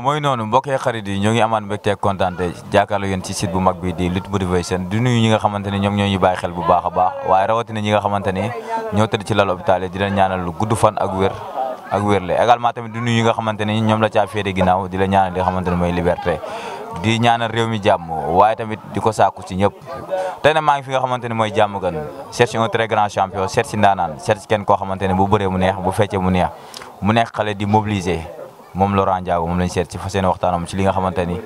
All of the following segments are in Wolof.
mooy noonu mbokkee xarit yi ñoo ngi amaat mbégte kontaan te jàkkaarloo yéen ci site bu mag bi di Lutte Motivation di nuyu ñi nga xamante ni ñoom ñoo ñu bàyyi xel a baax xamante ni ñoo tëdd ci lal hôpital yi di leen lu gudd fan ak wér ak wér la également tamit di nuyu ñi nga xamante ni ñoom la caa féete ginnaaw di la ñaanal li nga xamante ni mooy liberté di ñaana réew mi jàmm waaye tamit di ko sàkku ci ñëpp tey nag maa ngi fi nga xamante ni mooy jàmm gan seet si un très grand champion seet si ndaanaan seet si kenn koo xamante ni bu bëree mu neex bu feccee mu neex mu nekk xale di mobiliser moom Laurent Ndiago moom lañ seet ci fas yéene waxtaanam ci li nga xamante ni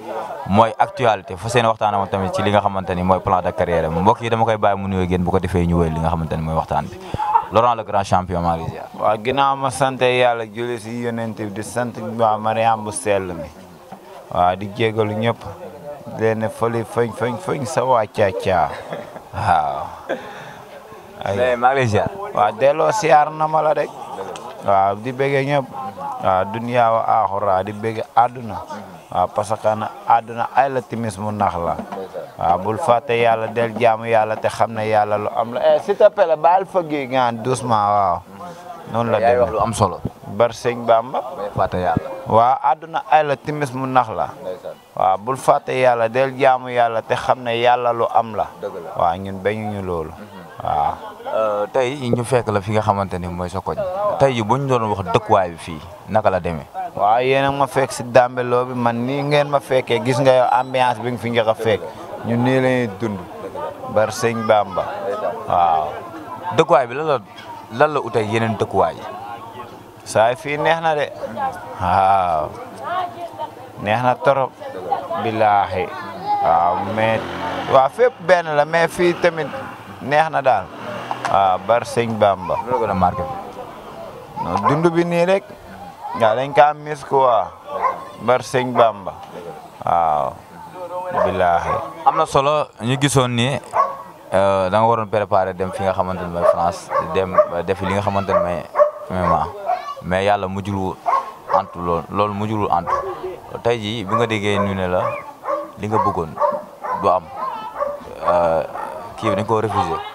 mooy actualité fas yéene waxtaanam tamit ci li nga xamante ni mooy plan de carrière mbokk yi dama koy bàyyi mu nuyoo génn bu ko defee ñu wéy li nga xamante ni mooy waxtaan bi Laurent le grand champion maa ngi ziar. waaw ginnaaw ma sant yàlla julli si yonent bi di sant waa Mariam bu sell mi waaw di jégalu ñëpp di leen fële fañ fañ fañ sa waa càccaa waaw. maa ngi lay ziar. waaw delloo siyaar na ma la rek. Ah, ah, ah, eh, waaw di bege ñëpp waaw wa aaxura di bege aduna waaw parce na ay la timis mu nax la waaw bul fàtte yalla del jaamu yalla te xam yalla lu am la eh s'il te plaît baal fëggi ngaan doucement waaw non la demee lu am solo bar sëñ Bamba fàtte yalla waaw aduna ay la timis mu nax la waaw bul fàtte yalla del jaamu yalla te xam yalla lu am la waaw ñun ñu lolu mhm. waaw Euh, tay ñu fekk la fi nga xamanteni moy mooy sa koñ tey bu ñu doon wax dëkkuwaay bi fi naka la démé wa yéen ma fekk si Dambeloo bi man ni ngeen ma fekkee gis nga yow ambiance bi fi nga ko fekk ñu nii lay dund bar señ Bamba dekk way bi la la la la utee yeneen dekk way saay fi neexna na de waaw neex torop billahi waaw wa fepp ben la mais fi tamit neexna daal ah bar sëñ Bamba loolu gën a marqué dund bi nii rek nga dañ ka mis quoi bar sëñ Bamba waaw billaahi am solo ñu gisoon ni eh, da nga waroon préparé dem fi nga xamante ne mooy France dem def li nga xamante ne mema. MMA mais yàlla mujjul antu lool loolu mujjul antu tey jii bi nga déggee ñu ne la li nga bëggoon du am eh, kii bi dañ koo refusé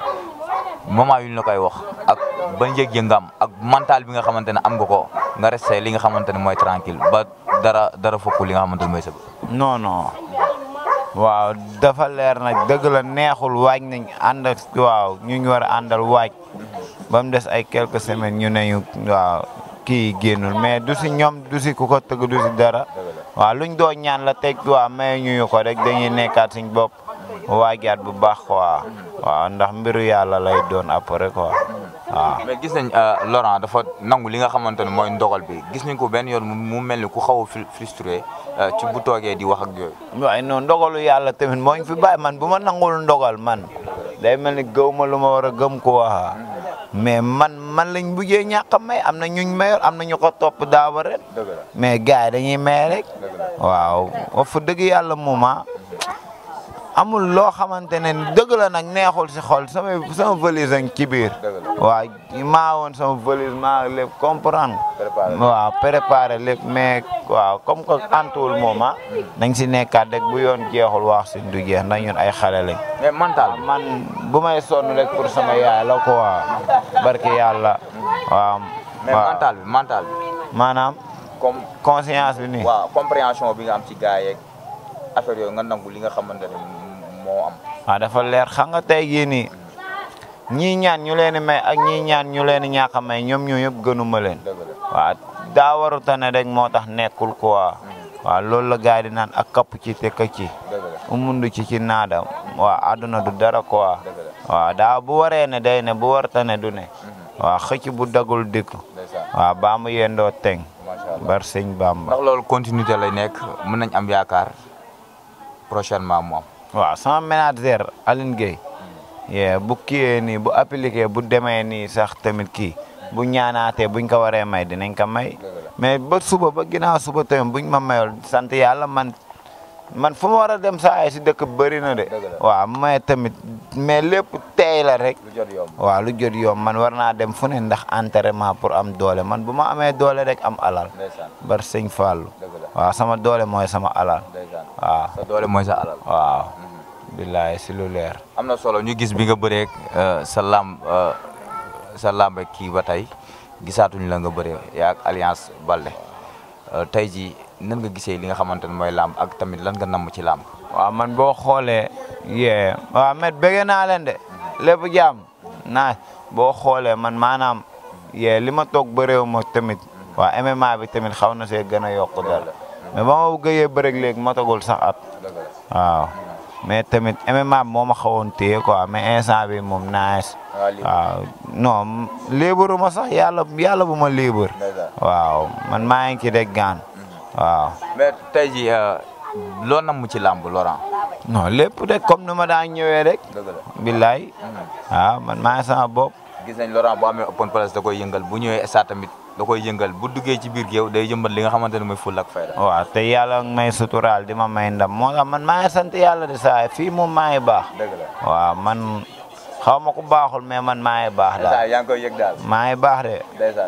moment yu ñu la koy wax ak ba yëg-yëg ak mantal bi nga xamante ne am nga ko nga resté li nga xamante ne mooy tranquille ba dara dara fokk li nga xamante ne mooy sa non non waaw dafa leer nag dëgg la neexul waaj nañ ànd ak waaw ñu ñu war a àndal waaj ba mu des ay quelques semaines ñu ne ñu waaw kii génnul mais du si ñoom du si ku ko tëgg du si dara waaw luñ doo ñaan la teg waaw may ñu ko rek dañuy nekkaat suñ bopp. mu waajaat bu baax quoi. waaw ndax mbiru yàlla lay doon après quoi waaw. mais gis nañ euh, Laurent dafa nangu li nga xamante ne mooy ndogal bi gis nañ ko benn yoon mu mel ni ku xaw a frustré euh, ci bu toogee di wax ak yooyu. waaye non ndogalu yàlla tamit moo ñu fi bàyyi man bu ma nangul ndogal man day mel ni gëw ma lu ma war a gëm ko waxa mais man man lañ buggee ñàkk a may am na ñuñ mayor am na ñu ko topp daaw ren mais gars yi dañuy may rek waaw wax dëgg yàlla moom ah. amul loo xamante ne dëgg la neexul si xol sama sama valise nag ci biir. waaw maa woon sama valise maa lépp comprendre. waaw préparé lépp mais waa comme que antuwul moom ah. nañ si nekkaat rek bu yoon jeexul wax si du jeex ndax yoon ay xale lañ. mais man bu may sonn rek pour sama yaay la ko waaw barke yàlla. waaw mais mental bi mental maanaam. comme conscience bi nii. waaw compréhension bi nga am ci gars yeeg affaire yooyu nga nangu li nga xamante a am. Ah, dafa leer xam nga tey jii nii ñii ñaan ñu leen may ak ñii ñaan ñu leen di may ñoom ñoo yëpp gënuma leen. waaw daa waru tane rek moo tax nekkul quoi. Mm. waaw lool la gars naan ak kapp ci te ka ci. umundu ci ci naada waa àdduna du dara quoi. waaw daa bu waree ne bu warta ne du ne. Mm-hmm. waaw xëcc bu dagul dikk. waaw baa mu yendoo teng. bar sëñ Bamba. loolu continuité lay nekk mën nañ am yaakaar prochainement waaw sama manager Aline Gueye hmm. yee bu kiiyee nii bu appliqué bu demee nii sax tamit kii bu ñaanaatee buñ ko waree may dinañ ko may mais ba suba ba ginnaaw suba tamit buñ ma mayol sant yàlla man man fu ma war a dem sa yi si dëkk bëri na de. waaw mais tamit mais lépp teey la rek. lu jot yomb waaw lu jot yomb man war naa dem fu ne ndax entraînement pour am doole man bu ma amee doole rek am alal. bar sëñ Fallou. waa sama doole mooy sama alal. waaw sa doole mooy sa alal. Mhm. si lu leer. am na solo ñu gis bi nga bëree euh, sa lamb euh, sa lamb kii ba tey gisaatuñu la nga bëree yaa alliance Balde euh, tey ji nan nga gisee li nga xamante ne mooy làmb ak tamit lan nga namm ci làmb. waaw man boo xoolee. yee waaw met bëgg naa leen de. lépp jaam boo xoolee man maanaam. yee li ma toog bëreew ma tamit. waa MMA bi tamit xaw na see gën a yokku daal. mais ba ma gëyee bëreeg léegi ma tagul sax at. waaw mais tamit MMA bi moo ma xawoon téye ko mais instant bi moom naaj. waaw non léebaru ma sax yàlla yàlla bu ma léebar. waaw man maa ngi ci de gaan waa mais tey jii euh, loo nam mu ci làmb Laurent. non lépp rek comme nu ma daan ñëwee rek. dëgg la billaay mm-hmm. waaw man maa ngi sama bopp. gis nañ Laurent bu amee open place da koy yëngal bu ñëwee SA tamit da koy yëngal bu duggee ci biir géew day jëmbat li nga xamante ne mooy fulla ak fayda. waaw te yàlla may suturaal di ma may ndam moo man maa ngi sant yàlla de saa fii moom maa ngi baax. man. xaw ma ko baaxul mais man maa ngi baax daal yaa ngi koy yëg maa ngi baax de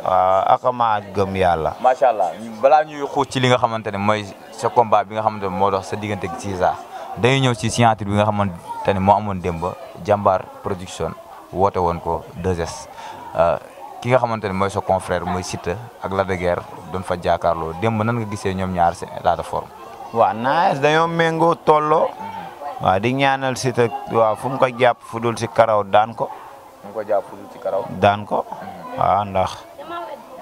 waaw gëm yàlla macha allah balaa ñuy xuus ci li nga xamante ne mooy sa combat bi nga xamante ne moo dox sa diggante si Ziza dañuy ñëw si signature bi nga xamante ne moo amoon démb jàmbaar production woote woon ko 2S euh, ki nga xamante ne mooy sa confrère mooy Siteu ak la de Guiers doon fa jaakaarloo démb nan nga gisee ñoom ñaar seen état de forme waaw naes dañoo méngoo tolloo waaw di ñaanal Siteu waaw fu mu ko jàpp fu dul si karaw daan ko. fu mu ko jàpp fu dul si karaw. daan ko mhm. waaw ndax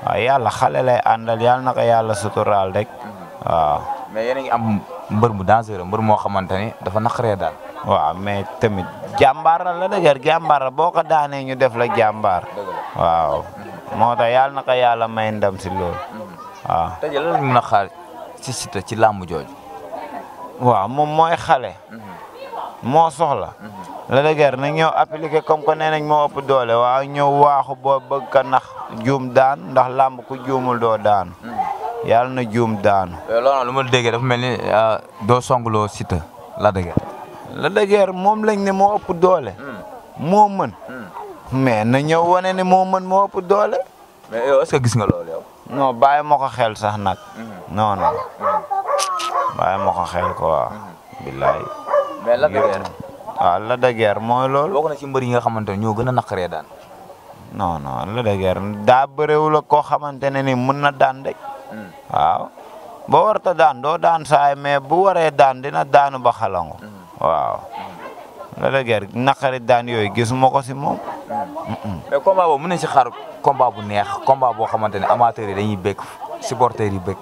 waaw yàlla xale lay àndal na ko yàlla suturaal rek mhm. waaw. mais yéen a ngi am mbër mu dangereux mbër moo xamante ni dafa naqaree daal. waaw mais tamit jàmbaar la dëgër jàmbaar la boo ko daanee ñu def la jàmbaar. waaw mhm. moo tax yàlla na ko yàlla may ndam si loolu. waaw te lan mën ci làmb jooju. moo soxla. la de guerre nag ñëw appliqué comme que nee nañ moo ëpp doole waaw ñëw waaxu bo bëgg ka nax juum daan ndax làmb ku juumul doo daan yàlla na juum daanu. loolu lu ma déggee dafa mel ni euh, doo songloo Siteu la de guerre. moom lañ ne moo ëpp doole. Hmm. moo mën. Hmm. mais na ñëw wane ne moo mën moo ëpp doole. mais yow est gis nga loolu yow. non bàyyi ma ko xel sax nag. Hmm. non non bàyyi ma ko xel quoi. billaay. mais Lac de Guiers. waaw ah, Lac de Guiers mooy loolu. bokk yi nga xamante ne ñoo gën a naqaree daan. non non Lac de daa bëreewul ak koo xamante ne ni mën na daan de. Hmm. boo warta daan doo daan saay mais bu waree daan dina daanu ba xalangu. Hmm. waaw hmm. Lac de Guiers naqari daan yooyu gisuma ko si moom. mais combat boobu mën si xaar combat bu neex combat boo xamante ne amateurs yi dañuy bëgg supporters yi bëgg.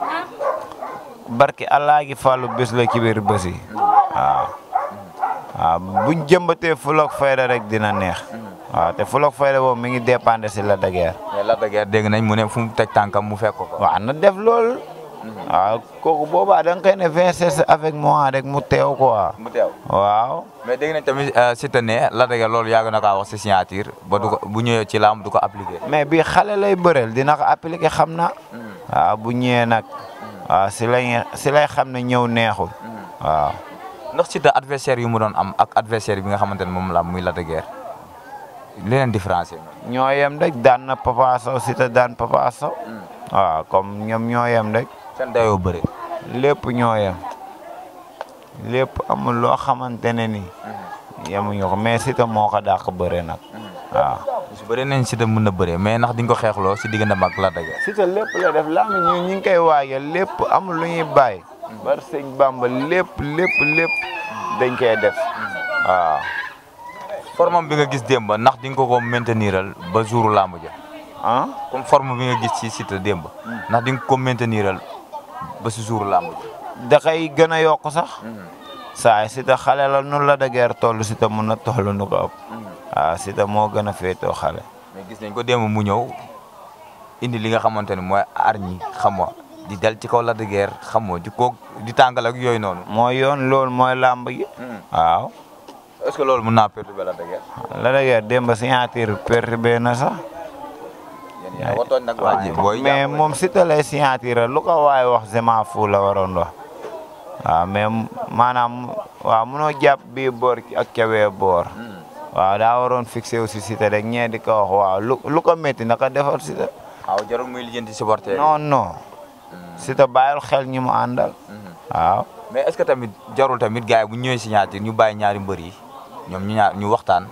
barke allah gi fàllu bés la ci biir yi bu buñ jëmbatee fuloog fayda rek dina neex. waaw te fuloog fayda boobu mi ngi dépendre si Lac de Guiers. mais dégg nañ mu ne fu mu teg tànkam mu fekk waa waaw na def lool. waaw kooku boobaa da nga koy ne vingt avec moi rek mu teew ko mu waaw. mais dégg nañ tamit euh, si te ne Lac de Guiers loolu yàgg na kaa wax si signature ba du ko bu ñëwee ci laam du ko appliqué. mais bi xale lay bëreel dina ko appliqué xam na. Mm. waaw bu ñëwee nag. Mm. waaw si lay si lay xam ne ñëw neexul. Mm. waaw. ndax da adversaire yu mu doon am ak adversaire bi nga xamantene mom la muy la de guerre li leen différencier ñoo yem rek daan na Papa ci ta dan Papa so mm. wa comme ñom ñoyam yem rek seen dayoo bëri lépp ñoo yem lépp amul loo xamante ne ni mm-hmm. yemuñu ko mais ci ta moko dàq beure nak mm-hmm. wa ci beure nañ ci ta mëna beure mais nak di nga ko xeexloo ci diggante mak la ci ta lepp la def la ñu ñu ngi koy waajal amul lu ñuy baye bar sëñ bamba lip lip, lepp dañ koy def waaw forme bi nga gis demba nak di nga ko ko ba jouru ja ah comme forme bi nga gis ci site demba nak di nga ko mainteniral ba si jouru làmb ja da koy gëna yok sax saay da xalé la nun la guer tollu ci ta mëna tollu nu ko ah ci da mo gëna a xalé mais gis nañ ko démb mu ñew indi li nga xamanteni moy di dal ci kaw Lac de Guiers xam nga di ko di tàngal ak yooyu noonu. mooy yoon loolu mooy làmb yi. Hmm. waaw. est-ce que loolu mën naa perturber Lac de Guiers. Lac de Guiers démb na sax. mais moom si te lay signature lu waaye wax Zema fu la waroon wa waaw mais maanaam waaw munoo jàpp bii boor ak cawee boor. Hmm. waaw daa waroon fixé wu si Siteu rek ñee di ko wax waaw lu lu ko métti naka defar Siteu. waaw jarul muy lijjanti supporter. Siteu bàyyil xel ñi mu àndal. Mhm. waaw mais est-ce tamit jarul tamit gars yi bu ñëwee signature ñu bàyyi ñaari mbër yi ñoom ñu ñaar ñu waxtaan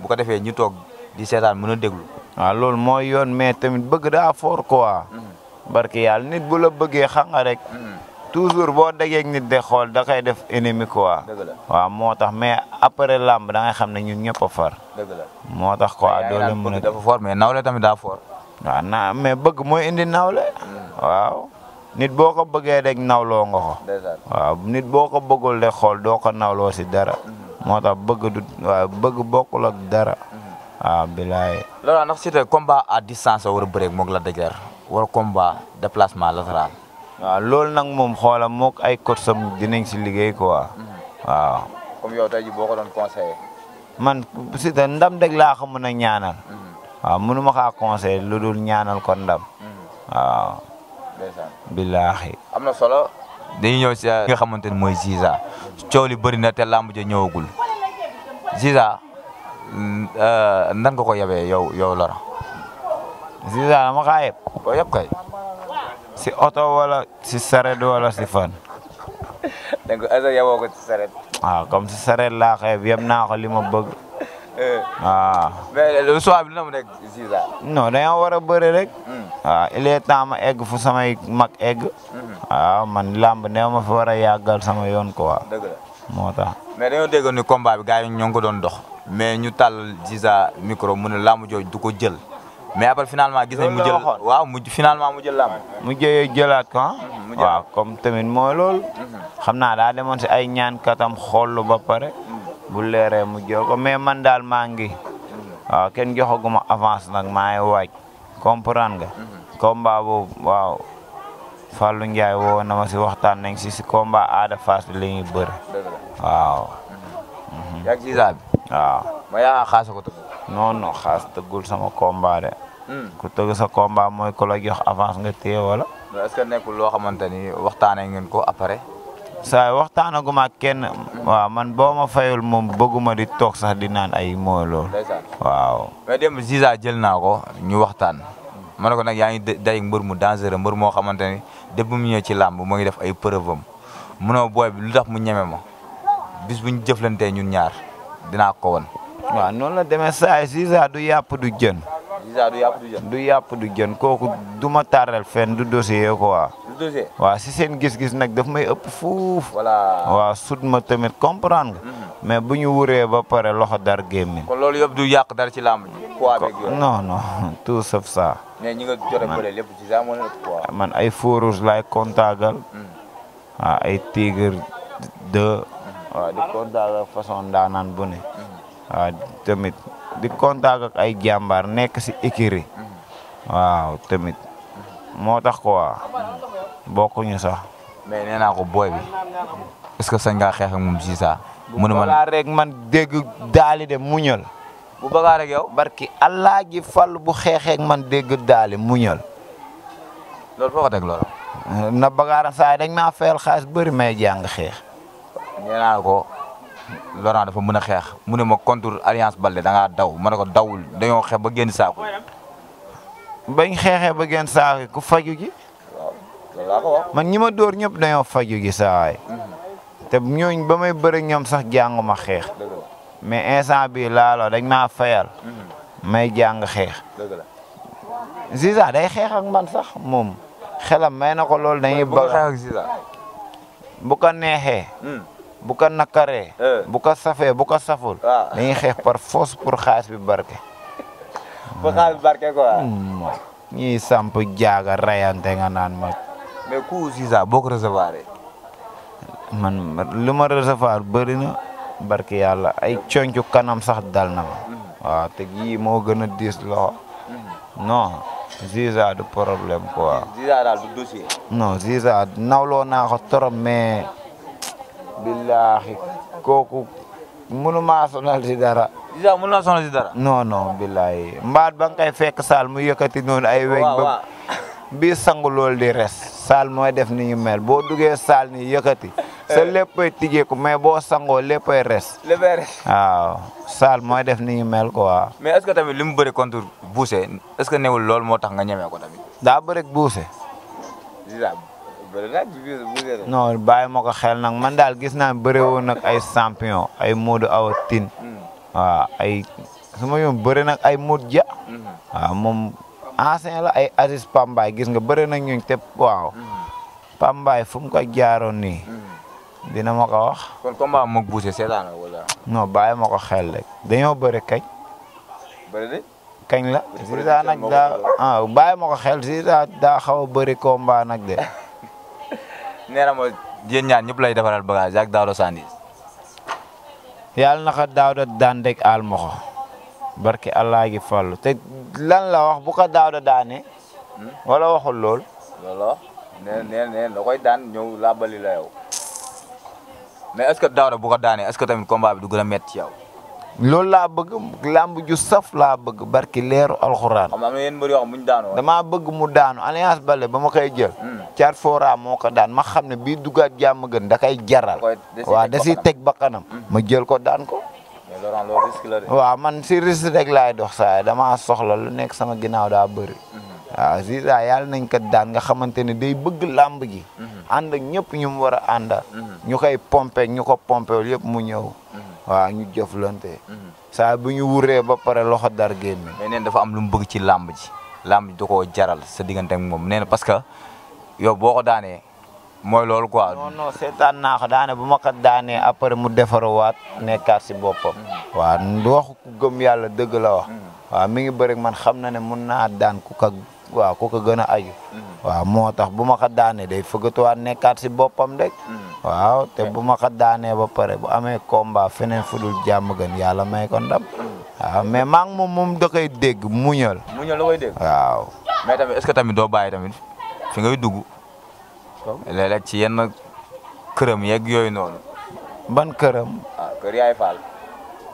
bu ko defee ñu toog di seetaan mën a déglu. a loolu mooy yoon mais tamit bëgg daa fort quoi. Mhm. barke yàlla nit bu la bëggee xam nga rek. Mhm. toujours boo dajeeg nit de xool da koy def ennemi quoi. waaw moo tax mais après lamb daa xam ne ñun ñëpp a far. moo tax quoi doole mën a dafa fort mais nawle tamit daa fort. waaw bëgg mooy indi nawle. waaw. nit boo ko bëggee rek nawloo nga ko. nit boo ko bëggool de xool doo ko nawloo si dara. Mm-hmm. moo tax bëgg du bëgg bokkul ak dara. Mm-hmm. waaw bilaay. loolu ndax Siteu combat distance war a bëreeg la dëgër war combat déplacement latéral. waaw loolu nag moom xoola moog ay kotsam dinañ si liggéey quoi. Mm-hmm. waaw. comme yow tey jii boo ko doon conseillé. man Siteu ndam dëgg laa ko mën a ñaanal. waaw mënu ma kaa conseillé lu dul ñaanal ko ndam. waaw. billaahi am na solo. dañuy ñëw si nga xamante ne mooy Ziza coow li bëri na te làmb ja ñëwagul Ziza mm, euh, nan nga ko yebee yow yow Laurent. Ziza dama kaa yeb. boo yeb kay. si oto wala si saret wala si fan. dégg nga yeboo si saret. waaw ah, comme si saret laa xeeb yeb naa ko li ma waaw. Eh. Ah. mais le choix bi a bëri rek. waaw hmm. ah, il egg fu samay mag egg. waaw hmm. ah, man lamb ne ma fa war a yàggal sama yoon quoi. dëgg moo tax. mais dañoo dégg ni combat bi gars yi ñoo ngi ko doon dox. mais ñu tàll Ziza micro mu ne làmb du ko jël. mais après finalement gis nañ mu jël waaw mu finalement mu jël làmb. mu jëyee jëlaat ko hmm, waaw comme tamit mooy loolu. xam naa daa demoon si ay ñaan katam xool lu ba pare. bu leeree mu jël ko mais man daal maa ngi waaw kenn joxaguma avance nag maa ngi waaj comprendre nga. Mhm. combat boobu waaw Fallou Ndiaye woo si waxtaan nañ si si combat Ada Fass bi la ñuy waaw. Mhm. yaa ngi waaw. ma ko tëgg. non xaas tëggul sama combat de. Hmm. ku tëgg sa combat mooy ku jox avance nga téye wala. est-ce que nekkul loo xamante ni waxtaanee ngeen ko après. a waxtaanaguma ak kenn waaw man boo ma fayul moom bëgguma di toog sax di naan ay mooy loolu. waaw. mais dem Ziza jël naa ko ñu waxtaan. ma ne ko nag yaa ngi day mbër mu dangereux mbër moo xamante ni dëpp mu ñëw ci làmb mu ngi def ay preuve mu noo booy bi lu tax mu ñeme ma bis bu ñu ñun ñaar dinaa ko won waaw la demee saa Ziza du yàpp du jën. visa du yàpp du jën. dua yàpp du kooku du ma taaral fenn du dossier quoi. du waaw si seen gis-gis nag daf may ëpp fuuf. voilà waaw sut ma tamit comprendre nga. mais bu ñu wuree ba pare loxo dar gémmiñ. kon loolu yëpp du yàq dar ci làmb ji. non non tout sauf ça. mais ñi nga bëre lépp ci man mm. ay furus laay kontaagal. waaw ay tigre de. waaw di kontaagal façon daanaan bu ne. waaw tamit. di contact ay jàmbaar nekk si écurie waaw tamit moo tax quoi bokkuñu sax. mais nee naa ko booy bi est-ce que sañ ngaa xeex ak moom si rek man dégg daali de muñal. bu bëgg rek barki allah ji fal bu xeexeek man dégg daali muñal. loolu foo ko teg na bagaara saay dañ maa fayal xaalis bëri may jàng xeex. nee naa Laurent dafa mën a xeex mu ne ma contre alliance Baldé da daw ma ne ko dawul dañoo xeex ba génn saako. bañ xeexee ba génn saako ku faju ji. man ñi ma dóor ñëpp dañoo faju ji saay te ñooñ ba may bëri ñoom sax jànguma xeex. mais instant bii laaloo dañ maa fayal. may jàng xeex. Ziza day xeex ak man sax moom. xelam may na ko loolu dañuy. bu ko xeex ak bu ko nakkaree. Eh. bu ko safee bu ko saful. Ah. dañuy xeex par force pour xaalis bi barke. pour xaalis bi barke quoi. ñuy hmm, samp jaaga rayante nga naan ma. mais ku Ziza boo ko recevoir. man lu ma recevoir bëri na barke yàlla ay concu kanam sax dal na ma. Hmm. waaw te yii moo gën a diis loxo. Hmm. non Ziza du problème quoi. Ziza daal du naa ko trop mais. billaahi kooku mënuma sonal si dara. disa mën naa sonal si dara. non non billaahi mbaat ba nga fekk saal mu yëkkati noonu ay. weñ ba bii sangu lool di res. saal mooy def ni ñu mel boo duggee saal ni yëkkati. sa eh. léppay tigeeku mais boo sangoo léppay res. léppay res waaw saal mooy def ni ñu mel quoi. mais est ce tamit li mu bëri contre Bousse est ce que newul loolu moo tax nga ñemee ko tamit. daa bëri Bousse. non bàyyi ma ko xel nag man daal gis naa bëre woon nag ay champion ay Modou Awa Tine. Mm. waaw ay sama yoon bëre nag ay Modou Dia. Mm-hmm. waaw moom ancien la ay Aziz Pambaay gis nga bëre nag ñooñu te waaw. Mm-hmm. Pambaay fu mu ko jaaroon mm-hmm. dina ma ko wax. kon combat moog Boucher seetaan la wala. non bàyyi ma ko xel rek dañoo bëre kañ. bëre de. kañ la. Ziza nag ah, ko xel Ziza de. nee na ma yéen ñaan ñëpp lay defaral bagage ak Daouda Sandwich. yàlla na ko Daouda daan deg aal ma barke allah gi fallu te lan la wax bu ko Daouda daane. Hmm? wala waxul lool. looloo nee nee nee da daan ñëw làbbali la yow. mais est-ce que Daouda ko daanee est que tamit combat bi du gën a métti ci yow. loolu laa bëgg làmb ju saf laa bëgg barki leeru alxuraan. xam nga damaa bëgg mu daanu alliance bale ba ma koy jël. car hmm. fora moo ko daan ma xam ne bii duggaat jàmm gën da kay jaral. waaw da siy teg bakkanam hmm. ma jël ko daan ko. waaw man si risque rek laay dox saa dama soxla lu nekk sama ginnaaw daa bëri. Hmm. waaw si saa yàlla nañ ko daan nga xamante ne day bëgg làmb ji. ànd ak ñëpp ñu mu war a àndal. ñu koy pompé ñu ko pompé yëpp mu ñëw. waaw ñu jëflante. Mhm. saa bu ñu wuree ba pare loxo dar génn. mais neen dafa am lu mu bëgg ci làmb ji làmb ji da jaral sa diggante ak moom nee na parce que yow boo ko daanee mooy loolu quoi. non non seetaan naa ko daane bu ma ko daanee après mu defaruwaat nekkaat si boppam. Mhm. waaw ku gëm yàlla dëgg la wax. Mhm. waaw mi ngi bëri man xam na ne mun naa daan ku ka waaw ku ko gën a aju. Mm-hmm. waaw moo tax bu ma ko daanee day fëggatuwaat nekkaat si boppam rek. Mm-hmm. waaw te bu ma ko daanee ba pare bu amee combat feneen fu dul jàmm gën yàlla may ko ndam. Mm-hmm. waaw mais maa ngi moom moom da koy dégg muñal. muñal la koy dégg. waaw. mais tamit est-ce que doo bàyyi tamit fi ngay dugg. léeg-léeg ci yenn këram yeg yooyu noonu. ban këram. Ah, kër yaay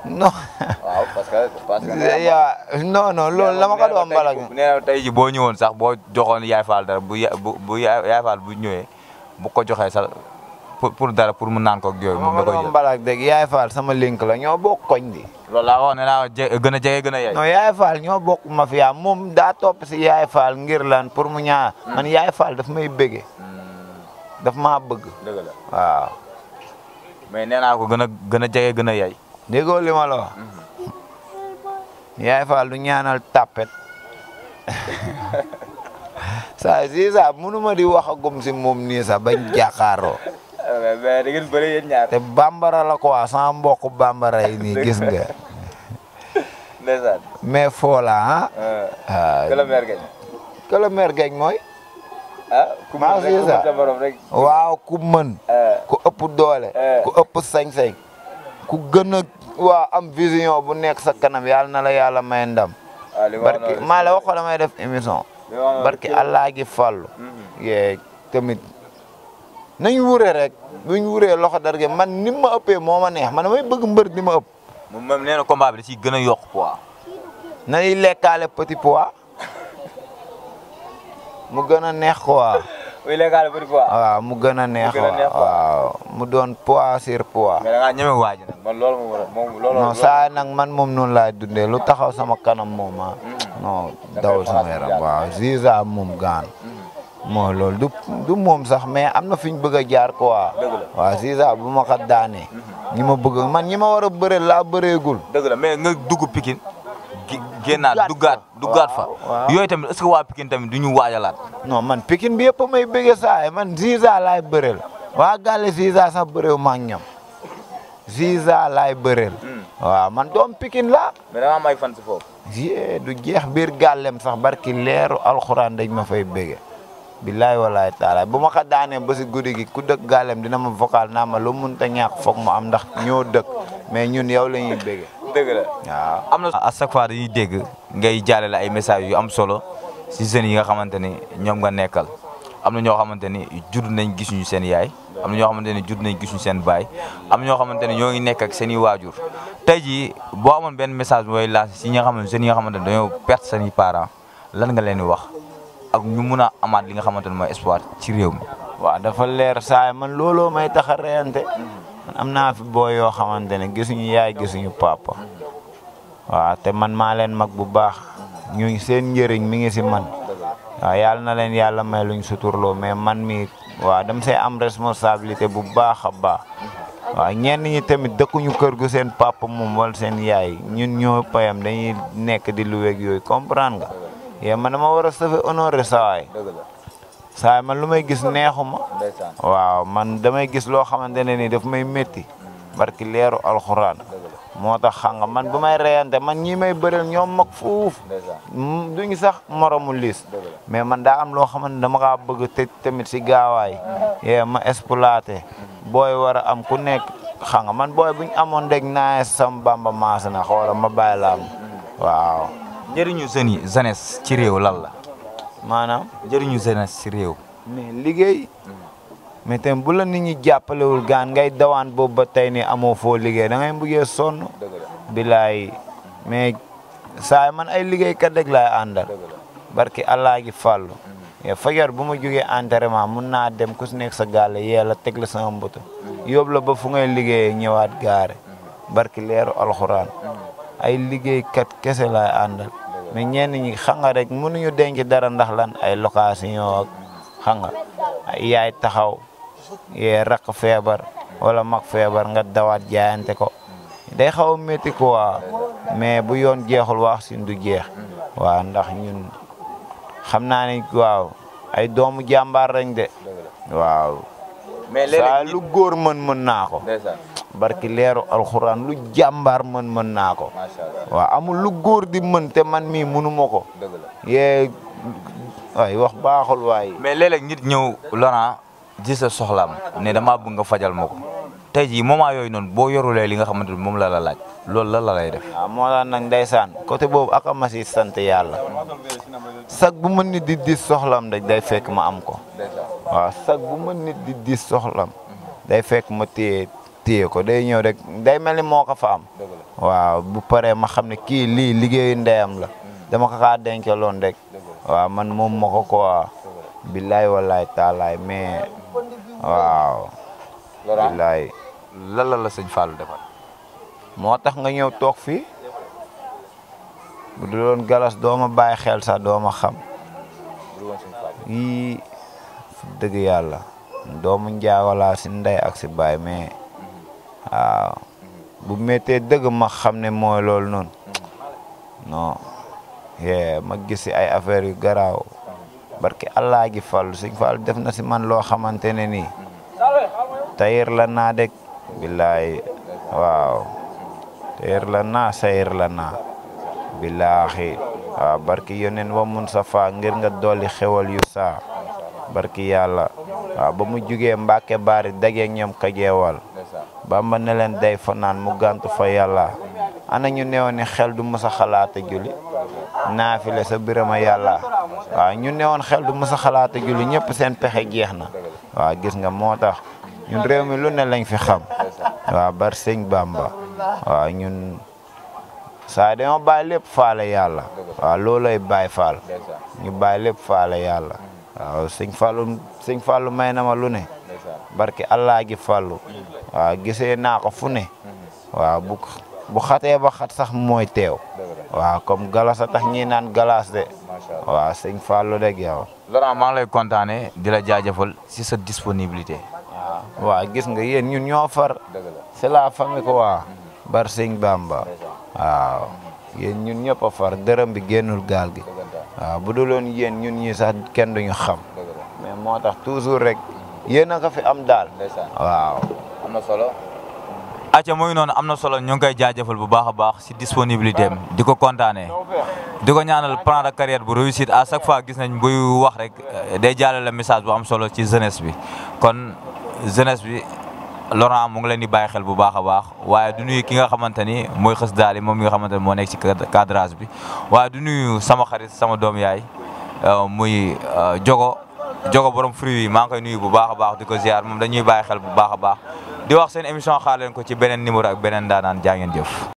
non. waaw parce que parce que. yaa non non loolu boo ñëwoon sax boo joxoon Yaay Fall dara bu bu Yaay bu ñëwee bu ko joxee sax pour dara pour mu naan ko ak yooyu. moom da koy jël sama link la ñoo bokk koñ bi. loolu laa wax ne naa gën a jege gën a yaay. non ñoo bokk mafia moom daa topp si Yaay Fall ngir lan pour mu ñaar. Hmm. man Yaay Fall daf may bëgge. Hmm. daf maa bëgg. dëgg la waaw. mais nee naa ko gën a gën a jege gën a yaay. déggoo li ma la wax. yaay Fall du ñaanal tapet. saa si saa mënuma di wax agum si moom nii sax bañ eh, te bambara la quoi sama mbokk bambara yi nii gis nga. ndeysaan. mais foo la ah. këla meer geñ. këla meer ku ëpp doole. Eh. ku ëpp sañ-sañ. ku gën waa am vision bu nekk sa kanam yàlla na la yàlla may ndam. barki maa la waxoon damay def émission. barki allah gi fàllu. Mhm. yee tamit nañ wuree rek buñ wuree loxo darge man ni ma ëppee moo ma neex man damay bëgg mbër di ma ëpp. moom moom nee na combat bi da ciy gën a yokk poids. na ñuy lekkaale petit poids mu gën a neex quoi. illégal ah, mu gën a neex waaw mu doon poids sur poids. mais da nag man loolu moo waral moom noonu laay dundee lu taxaw sama kanam moom ah. Mm. non dawul sama yaram waaw Ziza gaan. Mm. moo loolu du du sax mais am na fi ñu bëgg a jaar quoi. dëgg la bu ma ko daanee. Mm-hmm. ñi ma bëgg man ñi ma war a bëre laa bëreegul. dëgg la mais nga dugg génnaat dugat duggaat fa yoy tam est-ce wa pikin tam tamit du ñu non man pikin bi yepp may sa man Ziza lay beurel wa galé Ziza sa beurew ma ñam Ziza lay beurel wa man dom pikin la mais dama may fan si foofu du jeex bir galem sax barki leeru alcorane dañ ma fay bege billahi walaay taala bu ma ko ba ci goudi gi ku dëkk galem dina ma vocal na ma lu mun ta ñàkk mu am ndax ño mais ñun yow lañuy bege dëgg am na ngay jàllale ay messages yu am solo si jeunes yi nga xamante ni ñoom nga nekkal am na ñoo xamante ni judd nañ gisuñu seen yaay am na ñoo xamante ni judd nañ gisuñu seen baay am na ñoo xamante ni ñoo ngi nekk ak seen i waajur tey jii boo amoon benn message mooy lancé si ñi nga xam ne jeunes yi xamante ni dañoo perte seeni i lan nga leen di wax ak ñu mun a amaat li nga xamante ni mooy espoir ci réew mi. waaw dafa leer saay man looloo may tax a am naa fi boo yoo xamante ne yaay gisunu papa wa ah, te man ma len mag bu baax ñu seen njëriñ mi ngi ci man wa ah, yàlla na len yalla may luñ suturloo mais man mi wa dam say am responsabilité bu baaxa ba wa ñen ñi tamit ñu kër gu seen papa moom wal seen yaay ñun ñoo payam dañuy nekk di luweeg yoy comprendre nga ye man dama war a safe honoré sawaay saa man lu may gis neexu ma waaw man damay gis loo xamante ne nii daf may métti barki leeru alxuraan moo tax xam man bu may reyante man ñi may bëreel ñoom mag fuuf mm, duñu sax moromu liis mais man daa am loo xamante ne dama kaa bëgg te tamit si gaawaay mm-hmm. yee ma exploité mm-hmm. booy war a am ku nekk xam man booy buñ amoon deg naa sam bamba maas na xoola ma bàyyi la am mm-hmm. waaw njëriñu jeunes yi jeunesse ci réew lan la maanaam jëriñu jeunesse si réew mais liggéey mais tamit bu la nit ñi jàppalewul gaan ngay dawaan boobu ba tey ni amoo foo liggéey da ngay mbuggee sonn bilaay mais saay man ay liggéeykat rek laay àndal barki allah gi fàllu fajar bu ma jógee entraînement mun naa dem ku si nekk sa gàlle yeela teg la sama mbutu la ba fu ngay liggéeyee ñëwaat gaare barki leeru alxuraan ay liggéeykat kese laay àndal mais ñenn ñi xam nga rek mënuñu denc dara ndax lan ay location ak xam nga yay taxaw yee rakk feebar wala mag feebar nga dawaat jaayante ko day xaw a métti quoi mais bu yoon jeexul wax sin du jeex waaw ndax ñun xam naa ne waaw ay doomu jàmbaar lañ de waaw. mais góor mën mën naa ko. barki leeru alquran lu jambar man man nako wa waaw amul lu gor di man te man mi mënuma ko yee waay wax baxul way mais léeg nit ñew lona ji sa ne dama bu nga fajal ma ko tey jii moment yooyu noonu boo yorulee li nga xamanteni ni la la laaj loolu la la lay def waaw ah, moo côté ak ma sante yalla sak sag bu ma nit di di soxlam daj day fekk ma am ko wa sag bu ma nit di di soxlam day fekk ma téye ko day ñëw rek day mel ni moo ko fa waaw bu paree ma xam ne kii lii liggéeyu ndeyam la. Mm. dama ko kaa denceloon rek. waaw man moom ma ko quoi. billaay wallaay taalaay mais waaw. billaay lan la la sëñ Fallou moo tax nga ñëw toog fi bu doon galas doo ma bàyyi xel sax doo ma xam. yii dëgg yàlla doomu njaawalaa si ndey ak si baay mais waaw bu méttee dëgg ma xam ne mooy loolu noonu non ma gis si ay affaire yu garaaw barki allah gi fàllu suñ fàllu def na si man loo xamante ne nii tayir la naa deg billaay waaw tayir la naa sayir la naa billaahi waaw barki yonen wa mun sa faa ngir nga dolli xewal yu saa barki yàlla waaw ba mu jugee mbàkke baari dajeeg ñoom kajeewal Bamba ne leen day fanaan mu gàntu fa yàlla ana ñu neewoon ne xel du mës a xalaata naafile sa birama yàlla waaw ñu neewoon xel du musa a xalaata julli ñëpp seen pexe jeex na waaw gis nga moo tax ñun réew mi lu ne lañ fi xam waaw bar sëñ Bamba waaw ñun saa dañoo bàyyi lépp faale yàlla waaw loolay bàyyi faal ñu bàyyi lépp faale yàlla waaw sëñ Fallou may na ma lu ne barke allah gi fàllu waaw gisee naa ko fu ne waaw bu bu xatee ba xat sax mooy teew waa comme galas a tax ñi naan galas de waaw sëñ fàllu rek yow Laurent maa ngi lay kontaane di la jaajëfal si sa disponibilité waa gis nga yéen ñun ñoo far c'est la famille quoi mm-hmm. bar sëñ Bamba waaw mm-hmm. yéen ñun ñëpp a far dërëm bi génnul gaal gi waaw bu duloon yéen ñun ñi sax kenn duñu xam mais moo tax toujours rek yéen a fi am daal. waaw. acca mooy noonu am na solo ñu ngi koy jaajëfal bu baax a baax si disponibilité am di ko kontaanee di ko ñaanal plan de carrière bu réussite à chaque fois gis nañ buy wax rek euh, day jàllale message bu am solo ci jeunesse bi kon jeunesse bi Laurent mu ngi leen di bàyyi xel bu baax a baax waaye du nuyu ki nga xamante ni mooy xës daal moom mi nga xamante ni moo nekk ci cadrage bi waaye du nuyu sama xarit sama doom yaay euh, muy euh, jogo jogo borom fruit yi maa ngi koy nuyu bu baax a baax di ko ziar moom dañuy bàyyi xel bu baax a baax di wax seen émission xaar leen ko ci beneen numéro ak beneen daanaan jaa ngeen jëf